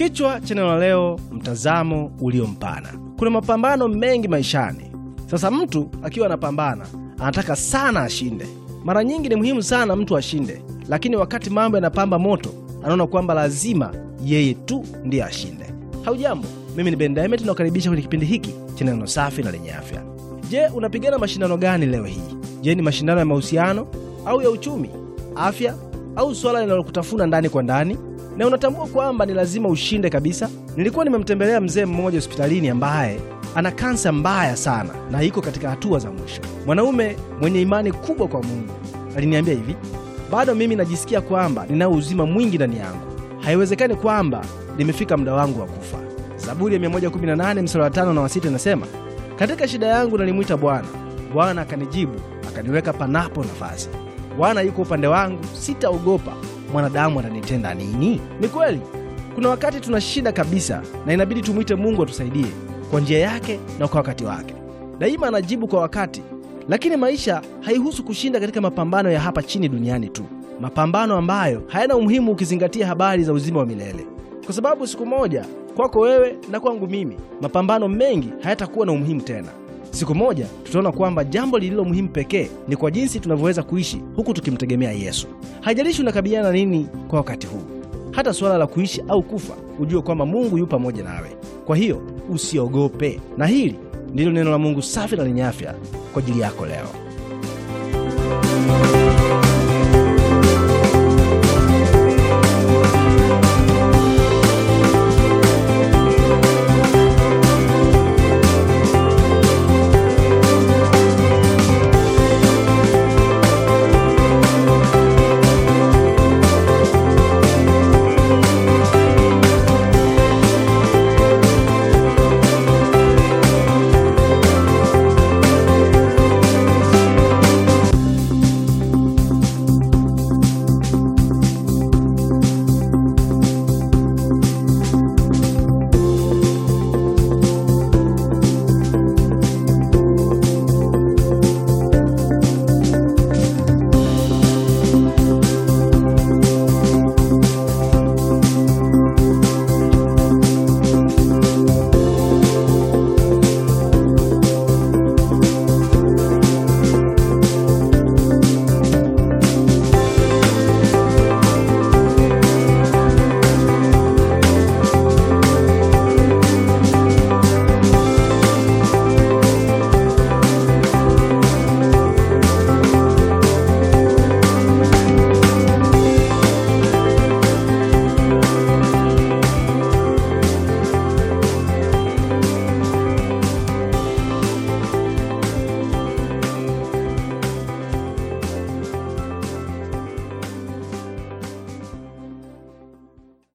Kichwa cha neno leo, mtazamo uliompana. Kuna mapambano mengi maishani. Sasa mtu akiwa anapambana, anataka sana ashinde. Mara nyingi ni muhimu sana mtu ashinde, lakini wakati mambo yanapamba moto, anaona kwamba lazima yeye tu ndiye ashinde. Haujambo, mimi ni Ben Diamond, nakukaribisha kwenye kipindi hiki cha neno safi na lenye afya. Je, unapigana mashindano gani leo hii? Je, ni mashindano ya mahusiano au ya uchumi, afya au swala linalokutafuna ndani kwa ndani? na unatambua kwamba ni lazima ushinde kabisa. Nilikuwa nimemtembelea mzee mmoja hospitalini ambaye ana kansa mbaya sana na iko katika hatua za mwisho. Mwanaume mwenye imani kubwa kwa Mungu aliniambia hivi, bado mimi najisikia kwamba ninao uzima mwingi ndani yangu, haiwezekani kwamba nimefika muda wangu wa kufa. Zaburi ya 118 mstari wa 5 na 6 inasema, katika shida yangu nalimwita Bwana, Bwana akanijibu akaniweka panapo nafasi. Bwana yuko upande wangu, sitaogopa mwanadamu atanitenda nini? Ni kweli kuna wakati tuna shida kabisa, na inabidi tumwite Mungu atusaidie kwa njia yake na kwa wakati wake. Daima anajibu kwa wakati, lakini maisha haihusu kushinda katika mapambano ya hapa chini duniani tu, mapambano ambayo hayana umuhimu ukizingatia habari za uzima wa milele, kwa sababu siku moja kwako wewe na kwangu mimi mapambano mengi hayatakuwa na umuhimu tena siku moja tutaona kwamba jambo lililo muhimu pekee ni kwa jinsi tunavyoweza kuishi huku tukimtegemea Yesu. Haijalishi unakabiliana nini kwa wakati huu, hata suala la kuishi au kufa, ujue kwamba Mungu yu pamoja nawe. Kwa hiyo usiogope, na hili ndilo neno la Mungu safi na lenye afya kwa ajili yako leo.